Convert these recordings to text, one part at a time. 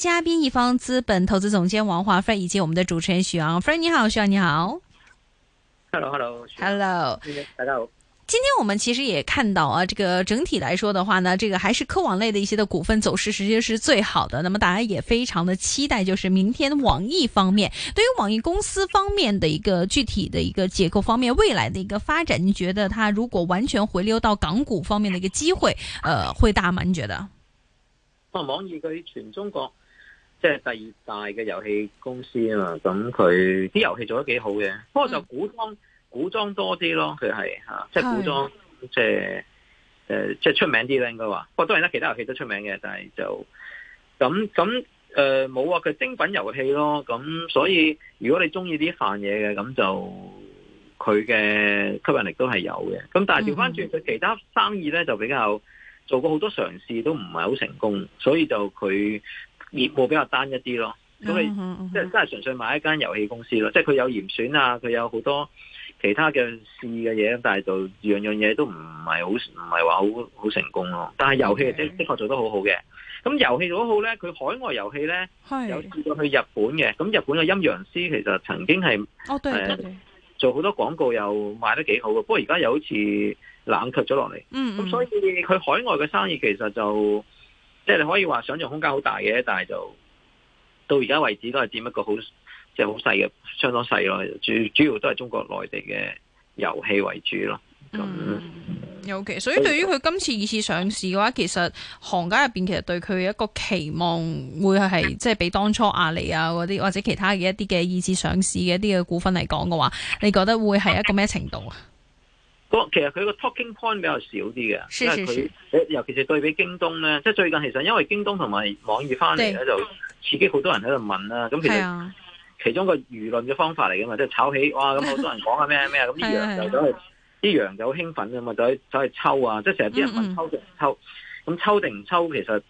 嘉賓一方資本投資總監王華，Fred, 以及我們的主持人許昂，Fred，你好，許昂你好。Hello，Hello，Hello，大家好。今天我們其實也看到啊，這個整體來說的話呢，這個還是科網類的一些的股份走勢，實際上是最好的。那麼大家也非常的期待，就是明天網易方面，對於網易公司方面的一個具體的一個結構方面，未來的一個發展，你覺得它如果完全回流到港股方面的一個機會，呃，會大嗎？你覺得？啊，網易佢全中國。即係第二大嘅遊戲公司啊嘛，咁佢啲遊戲做得幾好嘅，嗯、不過就古裝古裝多啲咯，佢係吓，即係的古裝即係誒，即、呃、係出名啲咧應該話，不過當然咧其他遊戲都出名嘅，但係就咁咁誒冇話，佢、呃、精品遊戲咯，咁所以如果你中意啲泛嘢嘅，咁就佢嘅吸引力都係有嘅，咁但係調翻轉佢其他生意咧就比較做過好多嘗試都唔係好成功，所以就佢。業務比較單一啲咯，咁你、uh huh, uh huh、即係真係純粹買一間遊戲公司咯，即係佢有嚴選啊，佢有好多其他嘅事嘅嘢，但係就樣樣嘢都唔係好，唔係話好好成功咯、啊。但係遊戲係即係的確做得好好嘅，咁 Okay. 遊戲做得好咧，佢海外遊戲咧是有試過去日本嘅，咁日本嘅陰陽師其實曾經係哦對，做好多廣告又賣得幾好嘅，不過而家又好似冷卻咗落嚟。嗯，嗯，咁所以佢海外嘅生意其實就。即係你可以話想象空間好大嘅，但係就到而家為止都係佔一個好即係好細嘅，相當細咯。主主要都係中國內地嘅遊戲為主咯。嗯，尤其。所以對於佢今次二次上市嘅話，以其實行家入邊其實對佢一個期望會係即係比當初阿里啊嗰啲或者其他嘅一啲嘅二次上市嘅一啲嘅股份嚟講嘅話，你覺得會係一個咩程度啊？Okay. 其實佢個 talking point 比較少啲嘅，是是是因為佢尤其是對比京東咧，即係最近其實因為京東同埋網易返嚟咧，對就刺激好多人喺度問啦、啊。咁其實其中個輿論嘅方法嚟嘅嘛，即係是、啊、炒起哇！咁好多人講啊咩咩啊，咁啲 羊就走、是、去，啲羊就好興奮啊嘛，就去走去抽啊！即係成日啲人問抽定唔抽？咁、嗯嗯、抽定唔抽？其實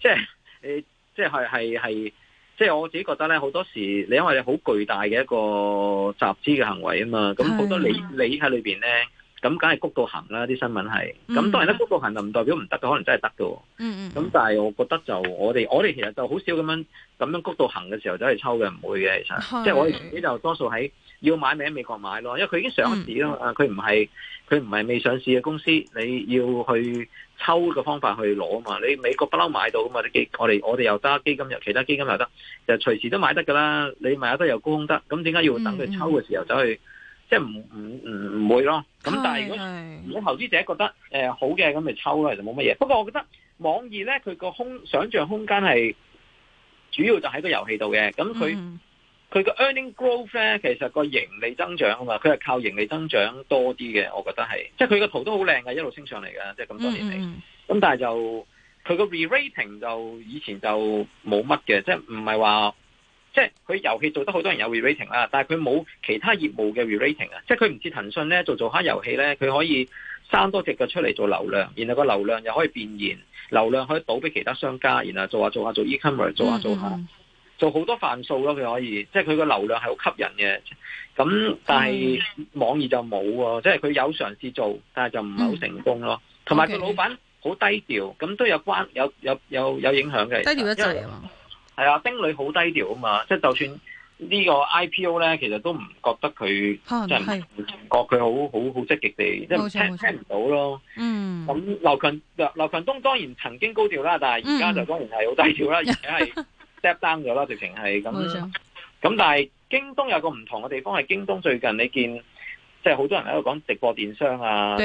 即係誒，即係係係，即係我自己覺得咧，好多時你因為你好巨大嘅一個集資嘅行為啊嘛，咁好多理是、啊、你理喺裏邊咧。咁梗係谷到行啦，啲新聞係。咁當然咧，谷到行就唔代表唔得嘅，mm hmm. 可能真係得㗎，嗯嗯。咁、mm hmm. 但係我覺得就我哋我哋其實就好少咁樣咁樣谷到行嘅時候走去抽嘅，唔會嘅其實。即係、mm hmm. 我哋我自己就多數喺要買名美國買咯，因為佢已經上市啦。嘛、mm，佢唔係佢唔係未上市嘅公司，你要去抽嘅方法去攞嘛。你美國不嬲買到噶嘛，我哋我哋又得基金又其他基金又得，就隨時都買得噶啦。你買得又高得，咁點解要等佢抽嘅時候走、mm hmm. 去？即係唔唔唔唔會咯，咁但係如,是如果投資者覺得誒、呃、好嘅，咁咪抽咯，其實冇乜嘢。不過我覺得網易咧，佢個空想象空間係主要就喺個遊戲度嘅。咁佢佢個、嗯、earning growth 咧，其實個盈利增長啊嘛，佢係靠盈利增長多啲嘅。我覺得係、嗯，即係佢個圖都好靚嘅，一路升上嚟㗎。即係咁多年嚟。咁、嗯、但係就佢個 re-rating 就以前就冇乜嘅，即係唔係話。即係佢遊戲做得好多人有 re-rating 啦，rating，但係佢冇其他業務嘅 re-rating 啊！Rating, 即係佢唔似騰訊咧做做下遊戲咧，佢可以生多隻腳出嚟做流量，然後個流量又可以變現，流量可以倒俾其他商家，然後做下做下做 e-commerce，做下做下做好多範疇咯。佢可以，即係佢個流量係好吸引嘅。咁但係網易就冇喎，即係佢有嘗試做，但係就唔係好成功咯。同埋佢老闆好低調，咁都有關有有有有影響嘅。低調一陣係啊，丁磊好低調啊嘛，即係就算呢個 IPO 咧，其實都唔覺得佢即係唔覺佢好好好積極地，即唔錯聽聽唔到咯。嗯，咁劉強劉劉強東當然曾經高調啦，但係而家就當然係好低調啦，而且係 step down 咗啦，直情係咁。咁、嗯、錯但係京東有個唔同嘅地方係京東最近你見，即係好多人喺度講直播電商啊。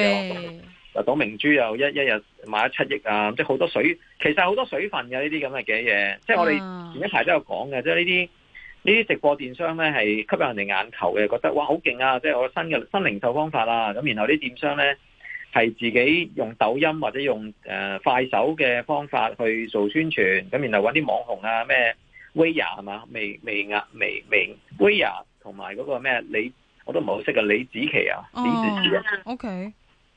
啊！董明珠又一一日買咗七億啊！即係好多水，其實好多水分嘅呢啲咁嘅嘅嘢。即係我哋前一排都有講嘅，即係呢啲呢啲直播電商咧係吸引人哋眼球嘅，覺得哇好勁啊！即係我新嘅新零售方法啦、啊。咁然後啲電商咧係自己用抖音或者用誒、呃、快手嘅方法去做宣傳，咁然後揾啲網紅啊咩 Weir 係嘛？微微啊，微微 Weir 同埋嗰個咩李我都唔係好識嘅李子琪啊，李子琪啊、oh,，OK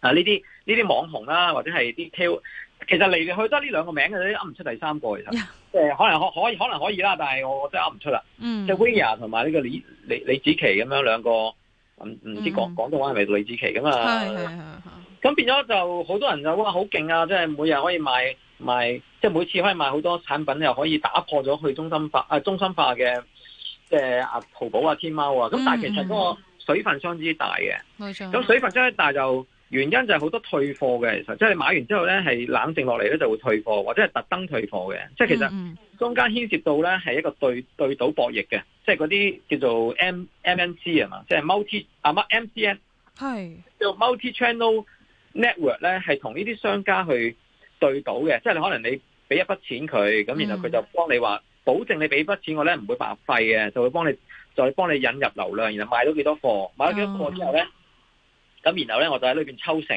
啊呢啲。這些呢啲網紅啦、啊，或者係啲 KOL，其實嚟嚟去都係呢兩個名嘅，都噏唔出第三個其實。即係、 呃、可能可可以可能可以啦，但係我真噏唔出啦。即係 Viya 同埋呢個李李李子琪咁樣兩個，唔、嗯、唔知廣廣、嗯、東話係咪李子琪咁啊？係。咁變咗就好多人就話好勁啊！即係每日可以賣賣，即係每次可以賣好多產品，又可以打破咗去中心化啊中心化嘅，即係啊淘寶啊、天貓啊。咁、嗯嗯、但係其實嗰個水分相當之大嘅。冇錯。咁水分相當之大就。原因就係好多退貨嘅，其實即係你買完之後咧係冷靜落嚟咧就會退貨，或者係特登退貨嘅。即係其實中間牽涉到咧係一個對對賭博弈嘅，即係嗰啲叫做 M MNC、就是、啊嘛，N, 是即係 multi 啊乜 M C N，係叫 multi channel network 咧係同呢啲商家去對賭嘅，即係你可能你俾一筆錢佢，咁然後佢就幫你話保證你俾筆錢我咧唔會白費嘅，就會幫你再幫你引入流量，然後買到幾多貨，買到幾多貨之後咧。嗯咁然後咧，我就喺裏面抽成，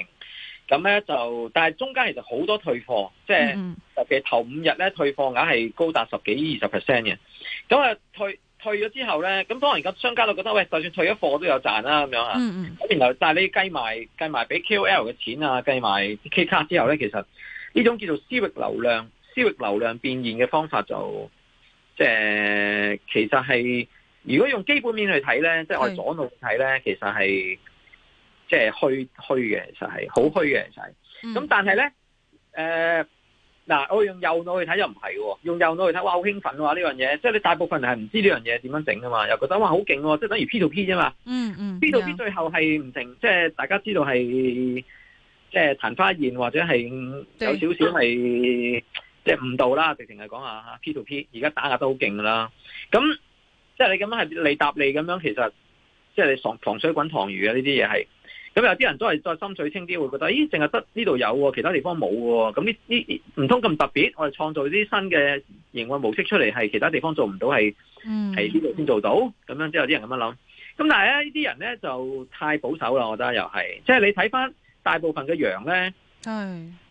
咁咧就，但係中間其實好多退貨，即係、mm hmm. 就是、特別頭五日咧，退貨額係高達十幾二十 percent 嘅。咁啊，退退咗之後咧，咁當然咁商家都覺得，喂，就算退咗貨都有賺啦、啊，咁樣咁、mm hmm. 然後，但係你計埋計埋俾 KOL 嘅錢啊，計埋啲 K 卡之後咧，其實呢種叫做私域流量、私域流量變現嘅方法就，即、就、係、是、其實係如果用基本面去睇咧，即、就、係、是、我哋左腦睇咧，mm hmm. 其實係。即係虛虛嘅，其實係好虛嘅，其實係。咁但係咧，誒、嗯，嗱、呃，我用右腦去睇又唔係嘅，用右腦去睇，哇，好興奮啊！呢樣嘢，即係你大部分人係唔知呢樣嘢點樣整噶嘛，又覺得哇，好勁、啊，即係等於 P2P 啫嘛、嗯。嗯嗯。P2P 是的最後係唔成，即係大家知道係，即係曇花現或者係有少少係對的、啊，即係誤導啦。直情係講吓 P2P 而家打壓都好勁啦。咁即係你咁樣係嚟答你咁樣，其實即係你塘塘水滾塘魚嘅呢啲嘢係。這咁有啲人都係再心水清啲，會覺得咦，淨係得呢度有喎、啊，其他地方冇喎、啊。咁呢呢唔通咁特別，我哋創造啲新嘅營運模式出嚟，係其他地方做唔到，係係呢度先做到。咁、嗯、樣之後啲人咁樣諗。咁但係咧，呢啲人咧就太保守啦，我覺得又係。即、就、係、是、你睇翻大部分嘅羊咧，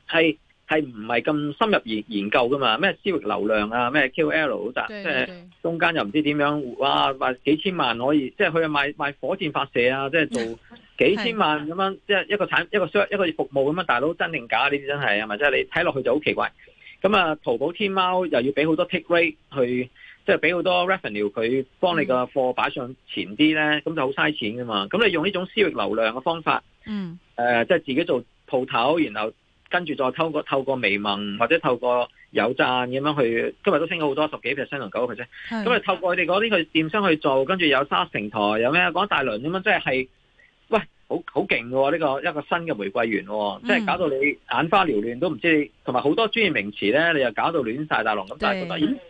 係係唔係咁深入研研究㗎嘛？咩私域流量啊，咩 KOL 好大？即係中間又唔知點樣哇，話幾千萬可以，即係佢賣賣，賣火箭發射啊，即、就、係、是、做。幾千萬咁樣，的即係一個產一個商一個服務咁樣，大佬真定假呢啲真係啊？係咪即係你睇落去就好奇怪。咁啊，淘寶天貓又要俾好多 take rate 去，即係俾好多 revenue 佢幫你個貨擺上前啲咧，咁、嗯、就好嘥錢噶嘛。咁你用呢種私域流量嘅方法，嗯，誒、呃，即係自己做鋪頭，然後跟住再透過透過微盟或者透過有贊咁樣去，今日都升咗好多，十幾 percent 同九個 percent。咁啊，是的那就透過佢哋嗰啲佢電商去做，跟住有沙成台，有咩講大輪咁樣，即係係。好好勁嘅呢個一個新嘅玫瑰園、哦，嗯、即係搞到你眼花繚亂，都唔知你。同埋好多專業名詞咧，你又搞到亂晒大龍。咁對但係突然，個、嗯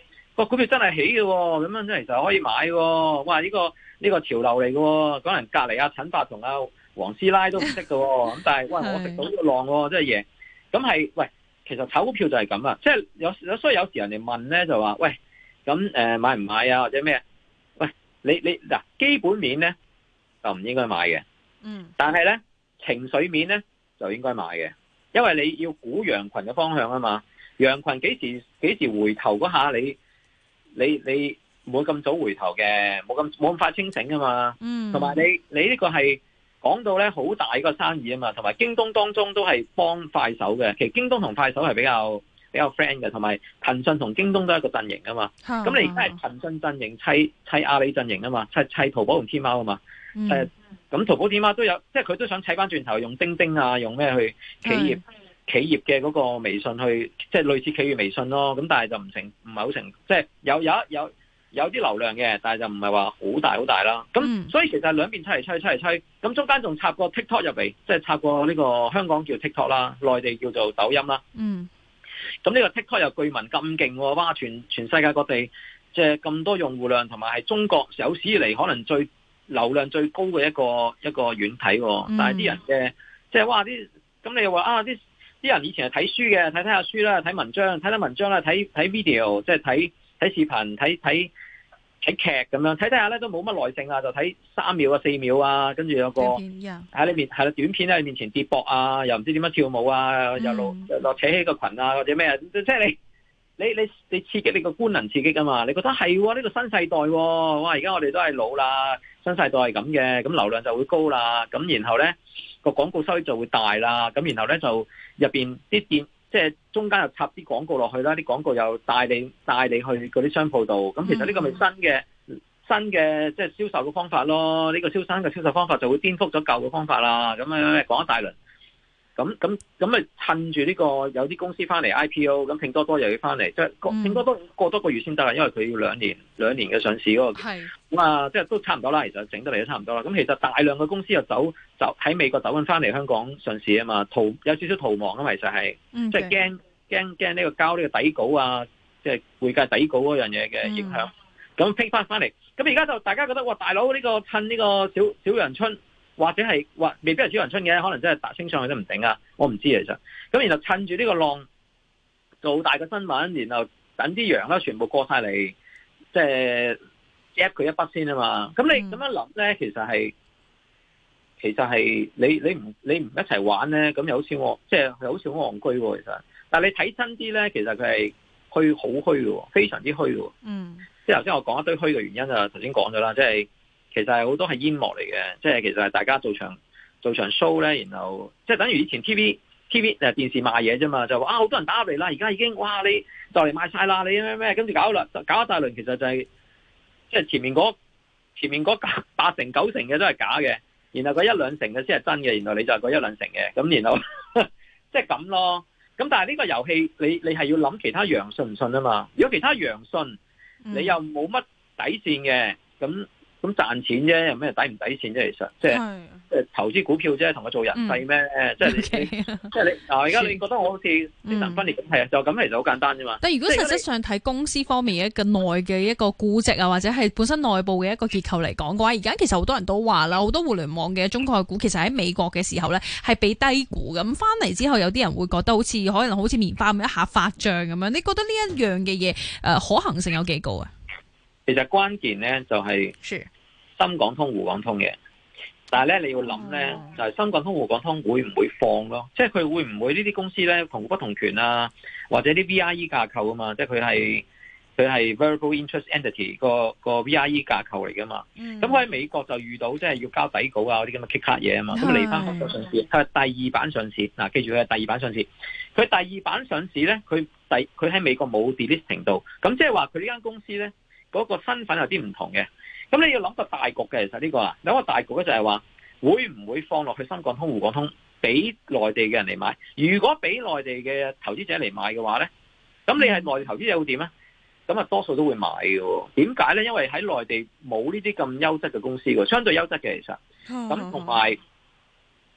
哦、股票真係起嘅、哦，咁樣其實可以買、哦。哇！呢、這個呢、這個潮流嚟嘅、哦，可能隔籬阿陳伯同阿黃師奶都唔識喎。咁 但係，哇！我食到呢個浪、哦，真係嘢。咁係是喂，其實炒股票就係咁啊！即係有，所以有時人哋問咧就話喂，咁誒、呃、買唔買啊？或者咩？喂，你你嗱，基本面咧就唔應該買嘅。嗯，但係咧情緒面咧就應該買嘅，因為你要估羊群嘅方向啊嘛，羊群幾時幾時回頭嗰下你，你你你唔會咁早回頭嘅，冇咁冇咁快清醒啊嘛。嗯，同埋你你個呢個係講到咧好大一個生意啊嘛，同埋京東當中都係幫快手嘅，其實京東同快手係比較比較 friend 嘅，同埋騰訊同京東都係一個陣營啊嘛。咁、啊、你而家係騰訊陣營砌砌阿里陣營啊嘛，砌砌淘寶同天貓啊嘛，誒、嗯。咁淘寶點啊都有，即係佢都想砌翻轉頭用釘釘啊，用咩去企業企業嘅嗰個微信去，即係類似企業微信咯。咁但係就唔成，唔係好成，即係有有有有啲流量嘅，但係就唔係話好大好大啦。咁所以其實兩邊吹嚟吹嚟吹嚟吹，咁中間仲插個 TikTok 入嚟，即係插過呢個香港叫 TikTok 啦，內地叫做抖音啦。嗯。咁呢個 TikTok 又據聞咁勁喎，哇！全全世界各地即係咁多用戶量，同埋係中國有史以嚟可能最。流量最高嘅一個一個軟體、哦，但係啲人嘅、嗯、即係哇啲咁。你又話啊啲啲人以前係睇書嘅，睇睇下書啦，睇文章睇睇文章啦，睇睇 video 即係睇睇視頻睇睇睇劇咁樣睇睇下咧都冇乜耐性啊，就睇三秒啊四秒啊，跟住有個喺你面係啦短片喺面前跌博啊，又唔知點樣跳舞啊，嗯、又落又落扯起個裙啊，或者咩啊，即係你你你你刺激你個官能刺激㗎嘛？你覺得係呢、呢個新世代、啊、哇？而家我哋都係老啦。新世代係咁嘅，咁流量就會高啦，咁然後呢個廣告收益就會大啦，咁然後呢就入面啲店，即係中間又插啲廣告落去啦，啲廣告又帶你帶你去嗰啲商鋪度，咁其實呢個咪新嘅、mm hmm. 新嘅即係銷售嘅方法咯，呢個新嘅銷售方法就會顛覆咗舊嘅方法啦，咁樣講講一大輪。咁咁咁咪趁住呢個有啲公司翻嚟 IPO，咁拼多多又要翻嚟，即係拼多多，嗯，過多個月先得啦，因為佢要兩年兩年嘅上市嗰個。係。咁啊，即係都差唔多啦，其實整得嚟都差唔多啦。咁其實大量嘅公司又走走喺美國走翻翻嚟香港上市啊嘛，逃有少少逃亡咯，其實係，即係驚驚驚呢個交呢個底稿啊，即係會計底稿嗰樣嘢嘅影響。咁，嗯，拼翻翻嚟，咁而家就大家覺得哇，大佬呢個趁呢個小小陽春。或者係或未必係小陽春嘅，可能真係達升上去都唔定啊！我唔知其實咁，然後趁住呢個浪做大個新聞，然後等啲羊啦全部過晒嚟，即係吸佢一筆先啊嘛！咁你咁樣諗咧，其實係其實係你你唔你唔一齊玩咧，咁好似我即係好似、就是、好戇居喎，其實。但係你睇真啲咧，其實佢係虛好虛嘅，非常之虛嘅。嗯。即係頭先我講一堆虛嘅原因啊，頭先講咗啦，即係。其實係好多係煙幕嚟嘅，即係其實係大家做場做場 show 咧，然後即係等於以前 T V T V 誒電視賣嘢啫嘛，就話啊好多人打入嚟啦，而家已經哇你就嚟賣晒啦，你咩咩跟住搞搞一大輪，其實就係、是、即係前面嗰前面嗰八成九成嘅都係假嘅，然後嗰一兩成嘅先係真嘅，然後你就係嗰一兩成嘅，咁然後即係咁咯。咁但係呢個遊戲你你係要諗其他羊信唔信啊嘛？如果其他羊信，你又冇乜底線嘅，咁。咁賺錢啫，有咩抵唔抵錢啫？其實即係即係投資股票啫，同我做人際咩？嗯、即係你，即係 Okay. 你。而家你覺得我好似精神分裂咁，係啊、嗯，就咁嚟就好簡單啫嘛。但如果實際上睇公司方面嘅一個內嘅一個估值啊，或者係本身內部嘅一個結構嚟講嘅話，而家其實好多人都話啦，好多互聯網嘅中國股其實喺美國嘅時候咧係被低估。咁翻嚟之後，有啲人會覺得好似可能好似棉花咁一,一下發漲咁樣。你覺得呢一樣嘅嘢、呃、可行性有幾高啊？其實關鍵咧就係、是、深港通滬港通嘅，但係咧你要諗咧、oh. 就係深港通滬港通會唔會放咯？即係佢會唔會呢啲公司咧同股不同權啊，或者啲 VIE 架構啊嘛？即係佢係佢係、mm. Variable Interest Entity 個個 VIE 架構嚟噶嘛？咁佢喺美國就遇到即係要交底稿啊嗰啲咁嘅 kick cut 嘢啊嘛？咁嚟翻香港上市，佢第二版上市嗱，記住佢係第二版上市，佢、啊、第二版上市咧，佢第佢喺美國冇 delist 程度，咁即係話佢呢間公司咧。嗰個身份有啲唔同嘅，咁你要諗個大局嘅，其實呢個啊，諗個大局咧就係話，會唔會放落去深港通、滬港通，俾內地嘅人嚟買？如果俾內地嘅投資者嚟買嘅話咧，咁你係內地投資者會點咧？咁啊多數都會買嘅，點解咧？因為喺內地冇呢啲咁優質嘅公司嘅，相對優質嘅其實，咁同埋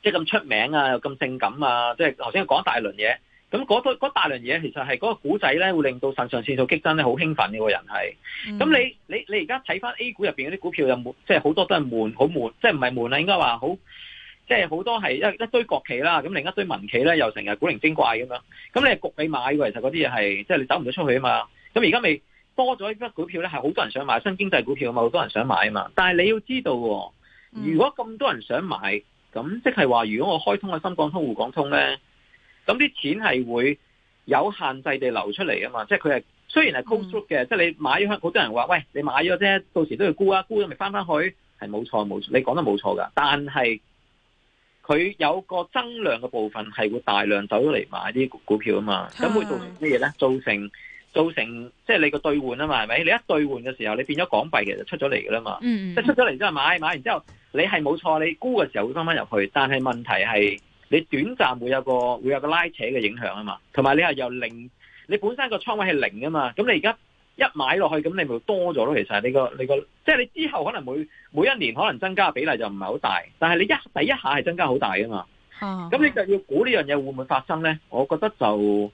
即係咁出名啊，又咁性感啊，即係頭先講大輪嘢。咁嗰嗰大量嘢，其實係嗰個股仔咧，會令到腎上腺素激增咧，好興奮嘅個人係、嗯。咁你你你而家睇翻 A 股入面嗰啲股票有冇，即係好多都係悶，好悶，即係唔係悶啊？應該話好，即係好多係一一堆國企啦，咁另一堆民企咧又成日古靈精怪咁樣。咁你國企買嘅，其實嗰啲嘢係即係你走唔到出去啊嘛。咁而家未多咗一筆股票咧，係好多人想買新經濟股票啊嘛，好多人想買啊嘛。但係你要知道、哦，如果咁多人想買，咁即係話，如果我開通個深港通、滬港通咧？嗯咁啲錢係會有限制地流出嚟啊嘛，即係佢係雖然係 cost 嘅、嗯，即係你買咗，好多人話：，喂，你買咗啫，到時都要沽啊，沽咗咪翻翻去？係冇錯冇錯，你講得冇錯噶，但係佢有個增量嘅部分係會大量走咗嚟買啲股票啊嘛，咁會造成咩咧？造成造成即係你個兌換啊嘛，係咪？你一兌換嘅時候，你變咗港幣其實就出咗嚟噶啦嘛，嗯嗯即係出咗嚟之後買買完之後，你係冇錯，你沽嘅時候會翻翻入去，但係問題係。你短暫會有個會有個拉扯嘅影響啊嘛，同埋你係由零，你本身個倉位係零啊嘛，咁你而家一買落去，咁你咪多咗咯。其實你個你個，即係你之後可能每每一年可能增加嘅比例就唔係好大，但係你一第一下係增加好大啊嘛。哦，咁你就要估呢樣嘢會唔會發生咧？我覺得就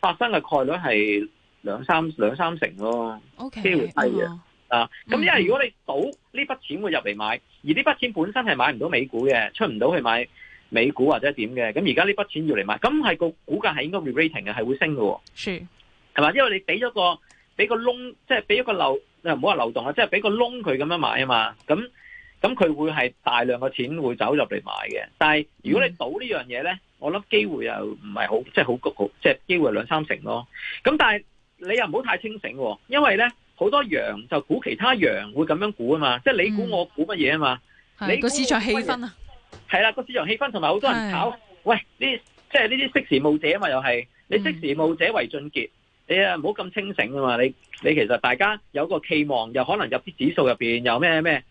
發生嘅概率係兩三兩三成咯。O K，機會低嘅，啊，咁因為如果你賭呢筆錢會入嚟買，而呢筆錢本身係買唔到美股嘅，出唔到去買。美股或者點嘅，咁而家呢筆錢要嚟買，咁係個股價係應該 re-rating 嘅，係會升嘅，哦，係嘛是？因為你俾咗個俾個窿，啊，即係俾一個漏，唔好話漏洞啊，即係俾個窿佢咁樣買啊嘛，咁咁佢會係大量嘅錢會走入嚟買嘅。但係如果你賭呢樣嘢咧，嗯、我諗機會又唔係好，即係好高，即係機會兩三成咯，哦。咁但係你又唔好太清醒，哦，因為咧好多羊就估其他羊會咁樣估啊嘛，即係你估我估乜嘢啊嘛，嗯、你個市場氣氛如啊。係啦，個市場氣氛同埋好多人炒，喂，呢即係呢啲識時務者啊嘛，又係你識時務者為俊傑，你啊唔好咁清醒啊嘛，你你其實大家有個期望，又可能入啲指數入邊，又咩咩，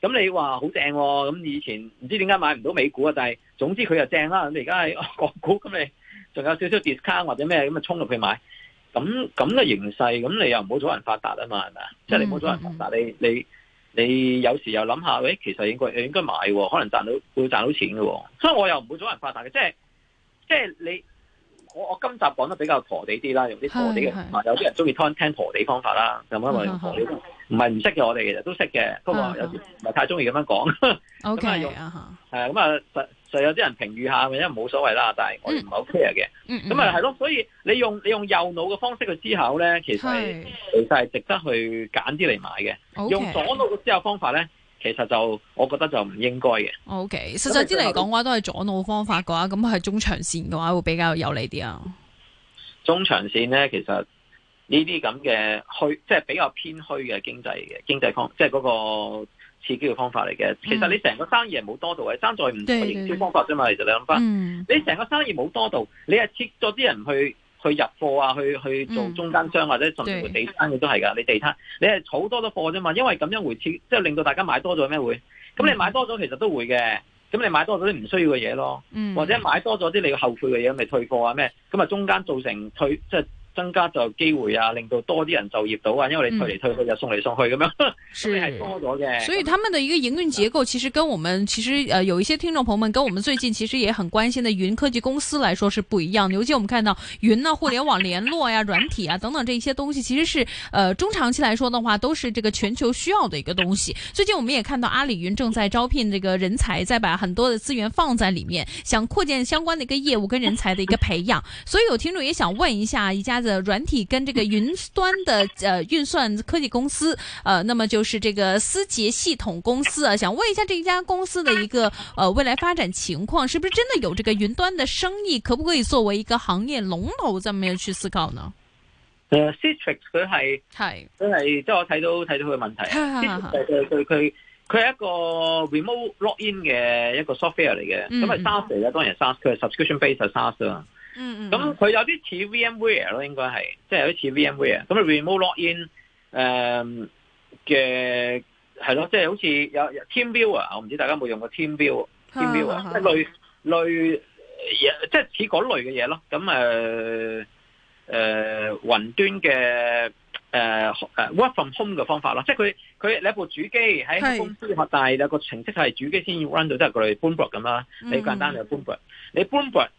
咁你話好正，咁以前唔知點解買唔到美股啊，但係總之佢又正啦，你而家係港股，咁你仲有少少 discount 或者咩咁啊沖入去買，咁咁嘅形勢，咁你又唔好阻人發達啊嘛，係咪啊？即係你唔好阻人發達，你你。你有時又諗下，誒、哎，其實應該誒應該買喎，可能賺到會賺到錢嘅喎、哦，所以我又唔會阻人發達嘅。即係即係你我，我今集講得比較婆地啲啦，用啲婆地嘅，是是有啲人鍾意聽聽婆地方法啦，咁啊用婆地方法。是是是唔係唔識嘅，我哋其實都識嘅，不過有時唔係太中意咁樣講。O K，係啊，係啊，咁啊，實實有啲人評語一下，因為冇所謂啦，但係我唔係好 care 嘅。咁啊、uh，係、huh. 咯、就是，所以你用你用右腦嘅方式去思考咧，其實、uh huh. 其實係值得去揀啲嚟買嘅。Okay. 用左腦嘅思考方法咧，其實就我覺得就唔應該嘅。O、okay. K，實際啲嚟講嘅話，都係左腦方法嘅話，咁係中長線嘅話會比較有利啲啊。中長線咧，其實。呢啲咁嘅虛，即係比較偏虛嘅經濟嘅經濟方法，即係嗰個刺激嘅方法嚟嘅。其實你成個生意係冇多度嘅，生在唔同嘅營銷方法啫嘛。其實你諗翻，你成、嗯、個生意冇多度，你係切咗啲人去去入貨啊，去去做中間商或者甚至乎地攤，嘅都係噶。你地攤，你係儲多咗貨啫嘛。因為咁樣回撤，即係令到大家買多咗咩會？咁你買多咗，其實都會嘅。咁你買多咗啲唔需要嘅嘢咯，或者買多咗啲你後悔嘅嘢，咪退貨啊咩？咁啊，中間造成退即係增加咗機會啊，令到多啲人就業到啊，因為你退嚟退去又送嚟送去咁樣，咁係、嗯、 多咗嘅。所以他們的一個營運結構，其實跟我們其實呃有一些聽眾朋友們跟我們最近其實也很關心的雲科技公司來說是不一樣。尤其我們看到雲啊、互聯網聯絡呀、啊、軟體啊等等這些東西，其實是呃中長期來說的話，都是這個全球需要的一個東西。最近我們也看到阿里雲正在招聘這個人才，在把很多的資源放在裏面，想擴建相關的一個業務跟人才的一個培養。所以有聽眾也想問一下一家子。的軟體跟這個雲端的呃運算科技公司，呃，那麼就是這個思傑系統公司啊，想問一下這一家公司的一個呃未來發展情況，是不是真的有這個雲端的生意，可不可以作為一個行業龍頭這麼去思考呢？呃，Citrix 佢係係，佢係真係即係我睇到睇到佢問題，佢佢佢係一個 remote login 嘅一個 software 嚟嘅，咁係 saas 嚟嘅，當然 saas，佢係 subscription based saas 啊。嗯，嗯，咁佢有啲似 VMware 咯，應該係，即係、呃就是、有啲似 VMware，咁 remote login 誒嘅係咯，即係好似有 teamviewer，我唔知大家有冇用過 teamviewer，teamviewer 即係類類嘢，即係似嗰類嘅嘢咯。咁誒呃，雲、呃、端嘅誒、呃、work from home 嘅方法咯，即係佢佢你一部主機喺公司，是但係你個程式就係主機先要 run 到，即係嚟搬布咁啦，嗯、你簡單就搬布，你搬布。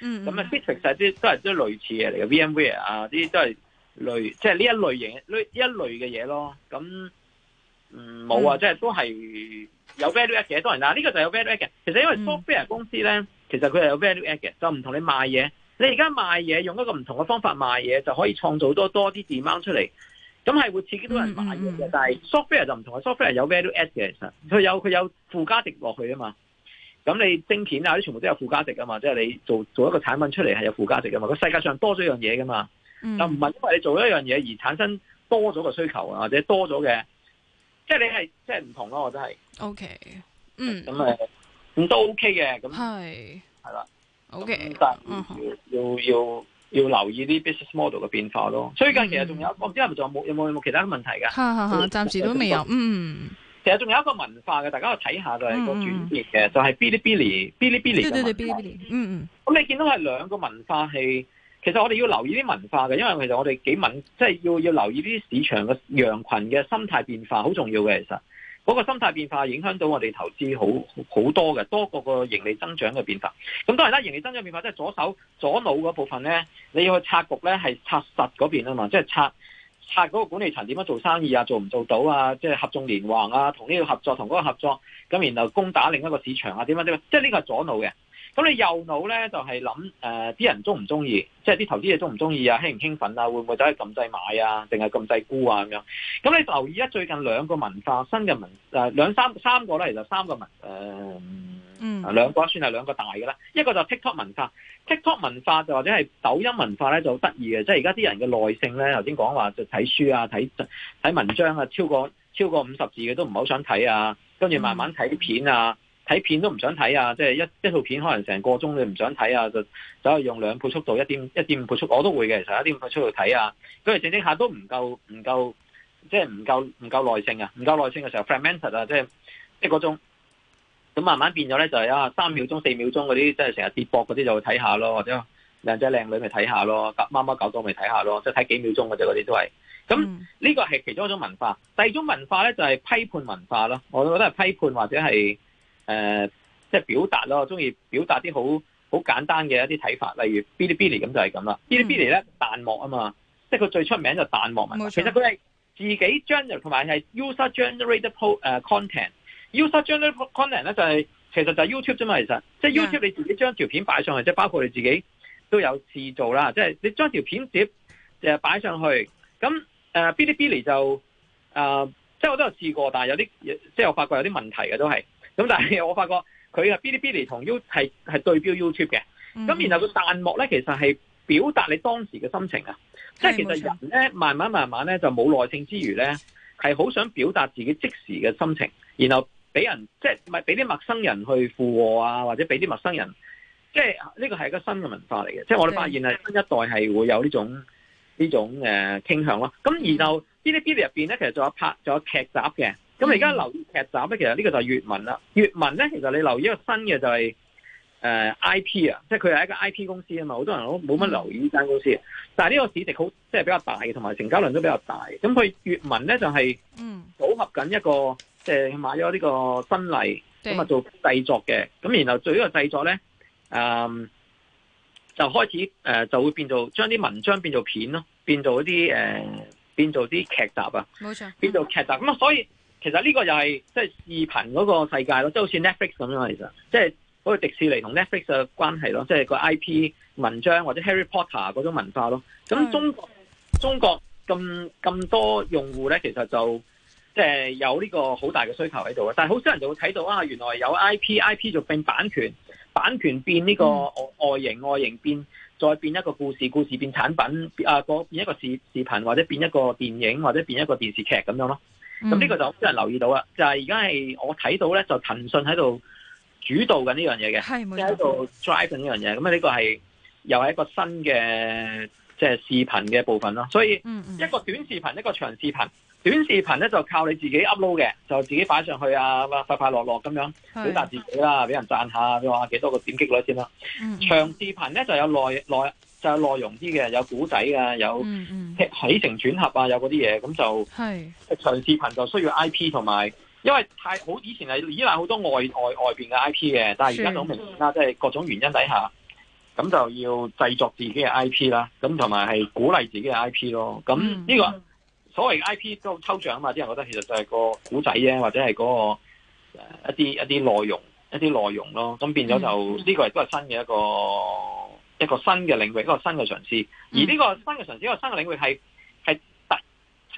咁啊，Fitrix 嗰啲都係都類似嘅嚟嘅，VMware 啊，啲都係類，即係呢一類型，呢一類嘅嘢咯。咁，唔、嗯、冇啊，即係都係有 value add 嘅，當然啦，呢個就有 value add 嘅。其實因為 software 公司咧，其實佢係有 value add 嘅，就唔同你賣嘢。你而家賣嘢，用一個唔同嘅方法賣嘢，就可以創造多多啲 demand 出嚟。咁係會刺激到人買嘢嘅，但係 software 就唔同，software 有 value add 嘅，其實佢有佢有附加值落去啊嘛。咁你晶片啊啲全部都有附加值噶嘛，即係你做做一個產品出嚟係有附加值噶嘛。個世界上多咗一樣嘢噶嘛，但唔係因為你做一樣嘢而產生多咗個需求，或者多咗嘅，即係你係即係唔同咯。我都係。O Okay . K，嗯，咁啊，咁都 O K 嘅，咁係係啦。O Okay . K，但是要、嗯、哼要要，要，要留意啲 business model 嘅變化咯。嗯、最近其實，仲、嗯、有我唔知係咪仲有冇有冇有冇其他問題噶？哈哈 暫時都未有。嗯。其實仲有一個文化嘅，大家去睇下就係個轉型嘅，就係嗶哩嗶哩、嗶哩嗶哩同埋嗶哩嗶哩嘅文化。嗯嗯。咁你見到係兩個文化係，其實我哋要留意啲文化嘅，因為其實我哋幾敏，即係要要留意啲市場嘅羊群嘅心態變化，好重要嘅。其實嗰個心態變化影響到我哋投資好好多嘅，多過個盈利增長嘅變化。咁當然啦，盈利增長變化即係左手左腦嗰部分咧，你要去拆局咧，係拆實嗰邊啊嘛，即係拆。拆嗰個管理層點樣做生意啊？做唔做到啊？即係合縱連橫啊，同呢個合作，同嗰個合作，咁然後攻打另一個市場啊？點樣點樣？即係呢個係阻腦嘅。咁你右腦咧就係諗誒，啲、呃、人中唔中意，即係啲投資者中唔中意啊？興唔興奮啊？會唔會走去撳掣買啊？定係撳掣沽啊？咁樣，咁你留意一最近兩個文化，新嘅文誒兩三三個咧，其實三個文誒，呃、嗯，兩個算係兩個大嘅啦。一個就 TikTok 文化，TikTok 文化就或者係抖音文化咧就好得意嘅，即係而家啲人嘅耐性咧，頭先講話就睇書啊、睇睇文章啊，超過超過五十字嘅都唔好想睇啊，跟住慢慢睇片啊。睇片都唔想睇啊，即係一一套片可能成個鐘你唔想睇啊，就走去用兩倍速度一點一點五倍速度，我都會嘅，其實一點五倍速度睇啊。咁啊，整整一下都唔夠唔夠，即係唔夠唔夠耐性啊，唔夠耐性嘅時候，fragment 啊，即係即係嗰種。咁慢慢變咗咧，就係啊三秒鐘、四秒鐘嗰啲，即係成日跌博嗰啲就會睇下咯，或者靚仔靚女咪睇下咯，夾貓貓狗狗咪睇下咯，即係睇幾秒鐘嘅啫，嗰啲都係。咁呢個係其中一種文化，第二種文化咧就係批判文化咯。我都覺得係批判或者係。誒、呃，即係表達咯，中意表達啲好好簡單嘅一啲睇法，例如嗶哩嗶哩咁就係咁啦。嗶哩嗶哩咧，彈幕啊嘛，即係佢最出名就彈幕啊嘛。其實佢係自己 generate 同埋係 user generate o content, user content、就是。user generate content 咧就係其實就 YouTube 啫嘛，其實即係 YouTube 你自己將條片擺上去，即係、嗯、包括你自己都有試做啦。即、就、係、是、你將條片直接擺上去，咁誒嗶哩嗶哩就誒、呃，即係我都有試過，但係有啲即係我發覺有啲問題嘅都係。咁但係我發覺佢啊，嗶哩嗶哩同 YouTube 係係對標 YouTube 嘅。咁、嗯、然後個彈幕咧其實係表達你當時嘅心情啊，嗯、即係其實人咧慢慢慢慢咧就冇耐性之餘咧係好想表達自己即時嘅心情，然後俾人即係咪俾啲陌生人去附和啊，或者俾啲陌生人即係呢個係一個新嘅文化嚟嘅。嗯、即係我哋發現係新一代係會有呢種呢種誒、呃、傾向咯。咁然後嗶哩嗶哩入邊咧其實仲有拍仲有劇集嘅。咁而家留意劇集咧，其實呢個就係粵文啦。粵文咧，其實你留意一個新嘅就係、誒、呃、IP 啊，即係佢係一個 IP 公司啊嘛。好多人都冇乜留意呢間公司，嗯、但係呢個市值好即係比較大嘅，同埋成交量都比較大。咁佢粵文咧就係、嗯、組合緊一個，嗯、即係買咗呢個新例咁啊對做製作嘅。咁然後做呢個製作咧、嗯，就開始、呃、就會變做將啲文章變做片咯，變做一啲誒、呃、變做啲劇集啊，冇錯，嗯、變做劇集。咁啊，所以。其實呢個又係即係視頻嗰個世界咯，即好似 Netflix 咁樣，其實即係嗰個迪士尼同 Netflix 嘅關係咯，即係個 IP 文章或者 Harry Potter 嗰種文化咯。咁中國中國咁咁多用戶咧，其實就即係有呢個好大嘅需求喺度啊！但係好少人就會睇到啊，原來有 IP，IP IP 就變版權，版權變呢個外形，外形變再變一個故事，故事變產品啊，變一個視視頻或者變一個電影或者變一個電視劇咁樣咯。咁呢、嗯、個就好多人留意到啦，就係而家係我睇到咧，就騰訊喺度主導緊呢樣嘢嘅，即係喺度 drive 緊呢樣嘢。咁啊，呢、這個係又係一個新嘅即係視頻嘅部分咯。所以一個短視頻，一個長視頻，短視頻咧就靠你自己 upload 嘅，就自己擺上去啊，快快樂樂咁樣，表達是自己啦、啊，俾人讚下，你話幾多個點擊率先啦、啊。嗯、長視頻咧就有內內。就係內容啲嘅，有古仔啊，有起承轉合啊，有嗰啲嘢，咁、嗯、就長視頻就需要 I P 同埋，因為太好以前係依賴好多外外外邊嘅 I P 嘅，但係而家好明顯啦，即、就、係、是、各種原因底下，咁就要製作自己嘅 I P 啦，咁同埋係鼓勵自己嘅 I P 咯。咁呢、這個、嗯、所謂 I P 都抽象嘛，啲人覺得其實就係個古仔啫，或者係嗰、那個、呃、一啲一啲內容一啲內容咯，咁變咗就呢、嗯、個亦都係新嘅一個。一個新嘅領域，一個新嘅嘗試，而呢個新嘅嘗試，一、這個新嘅領域係係第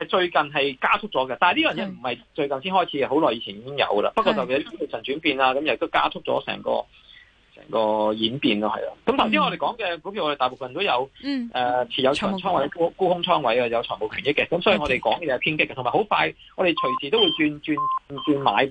係最近係加速咗嘅，但係呢樣嘢唔係最近先開始，好耐以前已經有噶啦。不過就有啲精神轉變啦，咁亦都加速咗成個成個演變咯，係啦。咁頭先我哋講嘅股票，我哋大部分都有誒、嗯呃、持有長倉位、高沽空倉位嘅，有財務權益嘅。咁所以我哋講嘅嘢係偏激嘅，同埋好快，我哋隨時都會轉轉轉買。